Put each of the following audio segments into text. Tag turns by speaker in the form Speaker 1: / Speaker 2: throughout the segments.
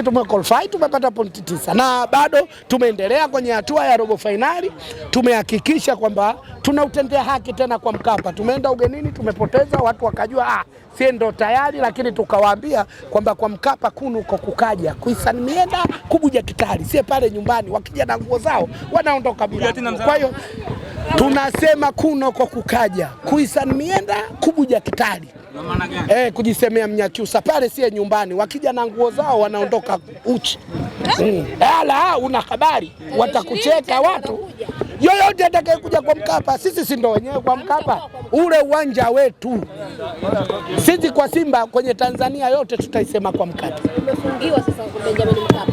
Speaker 1: sisi tumequalify tumepata pointi tisa na bado tumeendelea kwenye hatua ya robo fainali. Tumehakikisha kwamba tunautendea haki tena kwa Mkapa. Tumeenda ugenini tumepoteza, watu wakajua ah, sie ndo tayari, lakini tukawaambia kwamba kwa Mkapa uko kukaja kuisanimienda kubuja kitali sie pale nyumbani, wakija na nguo zao wanaondoka bila. Kwa hiyo tunasema kuno kwa kukaja kuisan mienda kubuja kitali eh, kujisemea mnyakyusa pale siye nyumbani, wakija na nguo zao wanaondoka uchi. Mm. Ala, una habari watakucheka watu yoyote atakayekuja kwa Mkapa, sisi si ndo wenyewe kwa Mkapa, ule uwanja wetu sisi. Kwa Simba kwenye Tanzania yote tutaisema kwa Mkapa.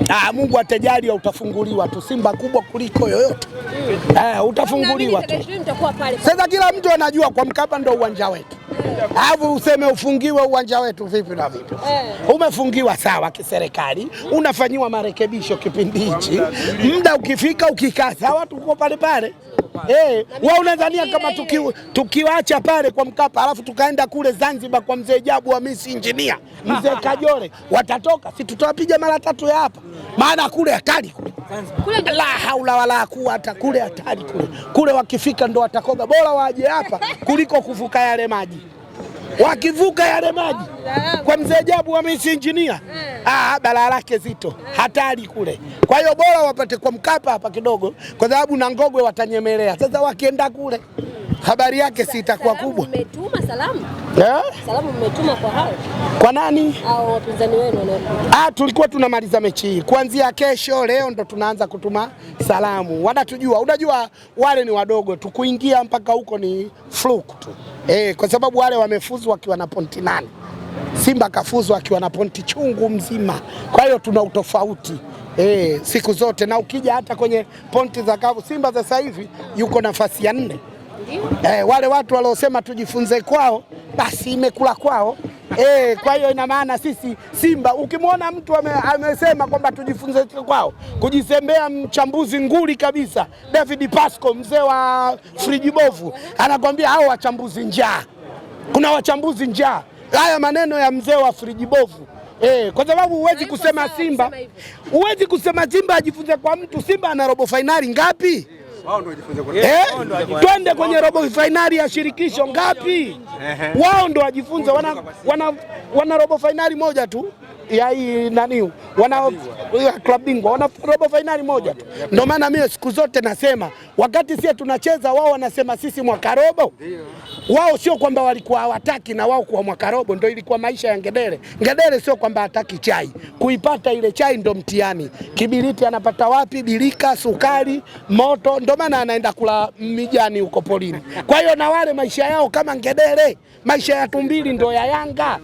Speaker 1: Ah, Mungu atajalia, utafunguliwa tu. Simba kubwa kuliko yoyote mm. Eh, utafunguliwa tu. Sasa kila mtu anajua kwa Mkapa ndo uwanja wetu alafu useme ufungiwe uwanja wetu vipi na vipi? Eh. Umefungiwa sawa kiserikali, unafanyiwa marekebisho kipindi hichi, muda ukifika, ukikaa sawa, tuko pale pale. Eh, wewe unadhania kama tukiwaacha pale kwa Mkapa alafu tukaenda kule Zanzibar kwa mzee Jabu wa Miss Engineer mzee Kajore watatoka, si tutawapiga mara tatu ya hapa, maana kule hatari kule la haula wala hata kule hatari kule kule, wakifika ndo watakoga, bora waje hapa kuliko kuvuka yale maji. Wakivuka yale maji kwa mzee Jabu Miss injinia eh. ah, balaa lake zito, hatari kule. Kwa hiyo bora wapate kwa Mkapa hapa kidogo, kwa sababu na Ngogwe watanyemelea. Sasa wakienda kule habari yake si itakuwa kubwa.
Speaker 2: Mmetuma salamu? Yeah? Salamu mmetuma kwa hao? Kwa nani? Hao wapinzani wenu wanaokuja.
Speaker 1: Ah, tulikuwa tunamaliza mechi hii kuanzia kesho, leo ndo tunaanza kutuma salamu, wanatujua. Unajua wale ni wadogo, tukuingia mpaka huko ni fluke tu eh, kwa sababu wale wamefuzu wakiwa na pointi nane. Simba kafuzu akiwa na pointi chungu mzima, kwa hiyo tuna utofauti eh, siku zote, na ukija hata kwenye pointi za kavu Simba sasa hivi yuko nafasi ya nne eh, wale watu waliosema tujifunze kwao, basi imekula kwao. Eh, kwa hiyo ina maana sisi Simba, ukimwona mtu ame, amesema kwamba tujifunze kwao, kujisembea mchambuzi nguli kabisa David Pasco, mzee wa friji bovu, anakwambia hao wachambuzi njaa, kuna wachambuzi njaa. Haya maneno ya mzee wa friji bovu Eh, kwa sababu huwezi kusema Simba, huwezi kusema Simba ajifunze kwa mtu. Simba ana robo fainali ngapi? Eh? twende kwenye robo fainali ya shirikisho ngapi? Wao ndo wajifunze, wana robo fainali moja tu ya hii nani wana club bingwa wana robo fainali moja tu. Ndio maana mimi siku zote nasema wakati sisi tunacheza wao wanasema sisi mwaka robo. Wao sio kwamba walikuwa hawataki na wao kuwa mwaka robo, ndio ilikuwa maisha ya Ngedere. Ngedere sio kwamba hataki chai, kuipata ile chai ndio mtihani. Kibiriti anapata wapi? Bilika, sukari, moto, ndio maana anaenda kula mijani huko polini. Kwa hiyo na wale maisha yao kama Ngedere, maisha ya tumbili ndio ya Yanga.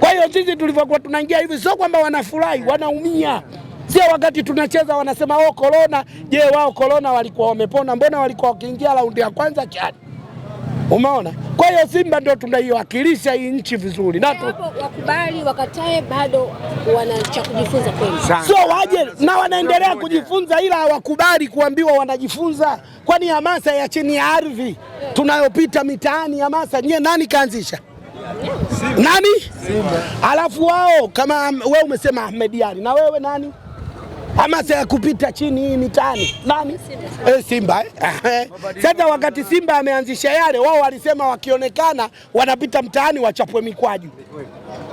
Speaker 1: Kwa hiyo sisi tulivyokuwa tunaingia hivi, sio kwamba wanafurahi, wanaumia. Sio wakati tunacheza wanasema oh, corona. Je, wao corona walikuwa wamepona? Mbona walikuwa wakiingia raundi ya kwanza chani? Umeona? Kwa hiyo Simba ndio tunaiwakilisha hii nchi vizuri, na
Speaker 2: wakubali wakatae, bado wana cha kujifunza kweli,
Speaker 1: Sio waje na wanaendelea kujifunza, ila hawakubali kuambiwa wanajifunza, kwani hamasa ya chini ya ardhi tunayopita mitaani, hamasa nyewe nani kaanzisha? nani Simba. Alafu wao kama wewe umesema Ahmed yari na wewe nani ama ya kupita chini hii mitaani nani? Simba, Eh, Simba eh? Sasa wakati Simba ameanzisha yale, wao walisema wakionekana wanapita mtaani wachapwe mikwaju.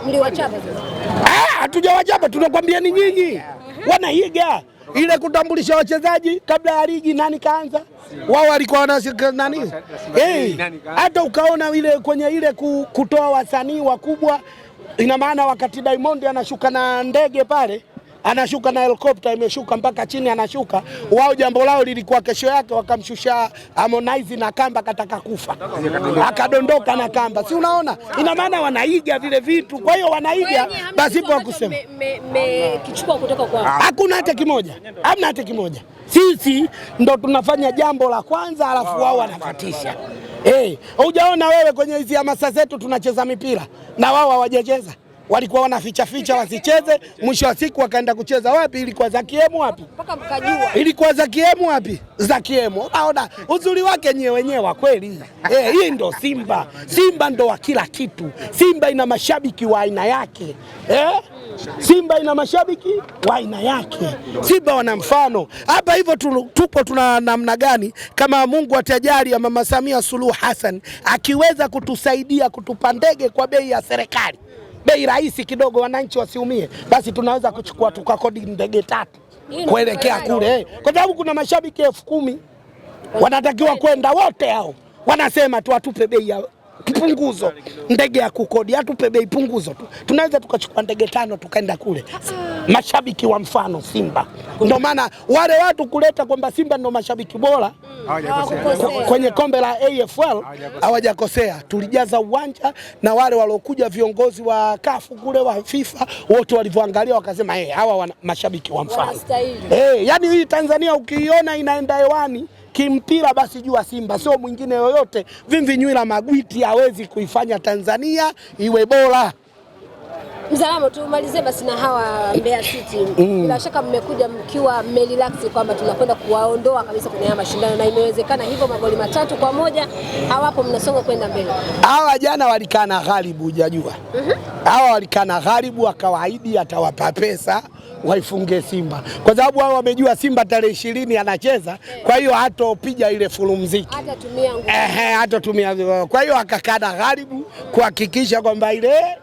Speaker 1: Ndio sasa? Ah, eh, hatujawachapa, tunakwambia ni nyinyi wanaiga ile kutambulisha wachezaji kabla ya ligi, nani kaanza? Wao walikuwa wana nani? Eh, hata ukaona ile kwenye ile kutoa wasanii wakubwa, ina maana wakati Diamond anashuka na ndege pale anashuka na helikopta imeshuka mpaka chini, anashuka wao. Jambo lao lilikuwa kesho yake wakamshusha Harmonize na kamba, kataka kufa akadondoka na kamba, si unaona? Ina maana wanaiga vile vitu, kwa hiyo wanaiga pasipo kusema. Hakuna hata kimoja, hamna hata kimoja. Sisi ndo tunafanya jambo la kwanza, alafu wao wanafatisha. Eh, hujaona hey, wewe kwenye hizi hamasa zetu tunacheza mipira na wao hawajacheza walikuwa wanaficha ficha wasicheze, mwisho wa siku wakaenda kucheza wapi? Ilikuwa za kiemu wapi? Ilikuwa za kiemu wapi? Za kiemu. Unaona uzuri wake nyewe wenyewe wa kweli eh, hii ndo Simba. Simba ndo wa kila kitu. Simba ina mashabiki wa aina yake eh? Simba ina mashabiki wa aina yake. Simba wana mfano hapa. Hivyo tupo tuna namna gani? Kama Mungu atajali ya Mama Samia Suluhu Hassan akiweza kutusaidia kutupa ndege kwa bei ya serikali bei rahisi kidogo, wananchi wasiumie, basi tunaweza kuchukua tukakodi ndege tatu kuelekea kule, kwa sababu kuna mashabiki elfu kumi wanatakiwa kwenda wote hao, wanasema tu atupe bei ya punguzo ndege ya kukodi, atupe bei punguzo tu, tunaweza tukachukua ndege tano tukaenda kule. Mashabiki wa mfano Simba, ndio maana wale watu kuleta kwamba Simba ndio mashabiki bora kwenye kombe la AFL hawajakosea, tulijaza uwanja na wale waliokuja viongozi wa kafu kule wa FIFA wote walivyoangalia wakasema hey, eh, hawa wana mashabiki wa mfano hey, eh, yani hii Tanzania ukiiona inaenda hewani kimpira basi jua Simba sio mwingine yoyote. Vimvinywila Magwiti hawezi kuifanya Tanzania iwe bora.
Speaker 2: Mzalamo, tumalizie basi na hawa Mbeya City. Mm. Bila mm. shaka mmekuja mkiwa mmerelax kwamba tunakwenda kuwaondoa kabisa kwenye haya mashindano na imewezekana hivyo, magoli matatu kwa moja hawapo, mnasonga kwenda mbele.
Speaker 1: Hawa jana walikana gharibu, hujajua mhm. hawa mm -hmm. walikana gharibu, akawaahidi atawapa pesa waifunge Simba kwa sababu hao wamejua Simba tarehe ishirini anacheza Kwa hiyo hatopija ile furumziki hatatumia, eh, hatatumia. Kwa hiyo akakana gharibu kuhakikisha kwamba ile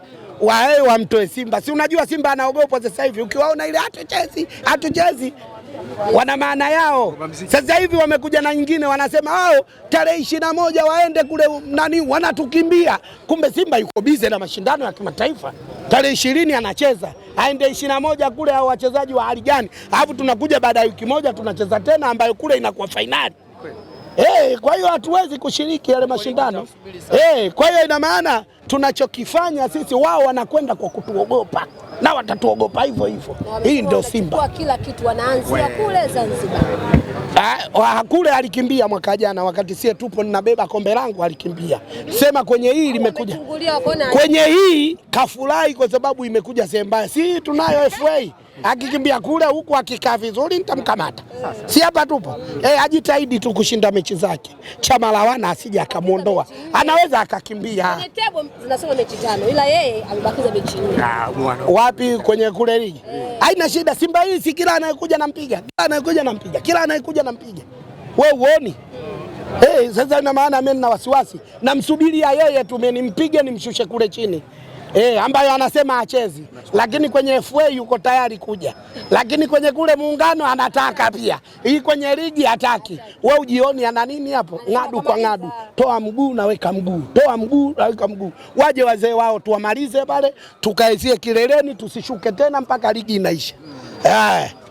Speaker 1: wae wamtoe Simba. Si unajua Simba anaogopwa sasa hivi, ukiwaona ile hatuchezi, hatuchezi wana maana yao. Sasa hivi wamekuja na nyingine, wanasema wao oh, tarehe ishirini na moja waende kule nani, wanatukimbia. Kumbe Simba yuko bize na mashindano ya kimataifa, tarehe ishirini anacheza, aende ishirini na moja kule, au wachezaji wa hali gani? Alafu tunakuja baada ya wiki moja tunacheza tena, ambayo kule inakuwa fainali. Hey, eh, kwa hiyo hatuwezi kushiriki yale mashindano. Hey, eh, kwa hiyo ina maana tunachokifanya sisi, wao wanakwenda kwa kutuogopa na watatuogopa hivyo hivyo. Hii ndio Simba kwa
Speaker 2: kila kitu, wanaanzia kule Zanzibar.
Speaker 1: Ah, kule alikimbia mwaka jana, wakati sie tupo ninabeba kombe langu alikimbia, sema kwenye hii limekuja, kwenye hii kafurahi kwa sababu imekuja sehemu mbaya, si tunayo FA akikimbia kule huku akikaa vizuri nitamkamata. Si hapa tupo e, ajitahidi tu kushinda mechi zake. Chama la wana akamwondoa, anaweza akakimbia. Ah, Wapi kwenye kule ligi eh. haina shida. Simba hii si kila anayekuja nampiga, kila anayekuja nampiga, kila anayekuja nampiga. We uoni? Hey, eh, sasa ina maana mimi nina wasiwasi, namsubiria yeye tu, menimpige nimshushe kule chini e, ambayo anasema achezi, lakini kwenye FA yuko tayari kuja, lakini kwenye kule muungano anataka pia, hii kwenye ligi hataki. We ujioni ana nini hapo? Ng'adu kwa ng'adu, toa mguu naweka mguu, toa mguu naweka mguu. Waje wazee wao tuwamalize pale, tukaezie kileleni, tusishuke tena mpaka ligi inaisha. Yeah.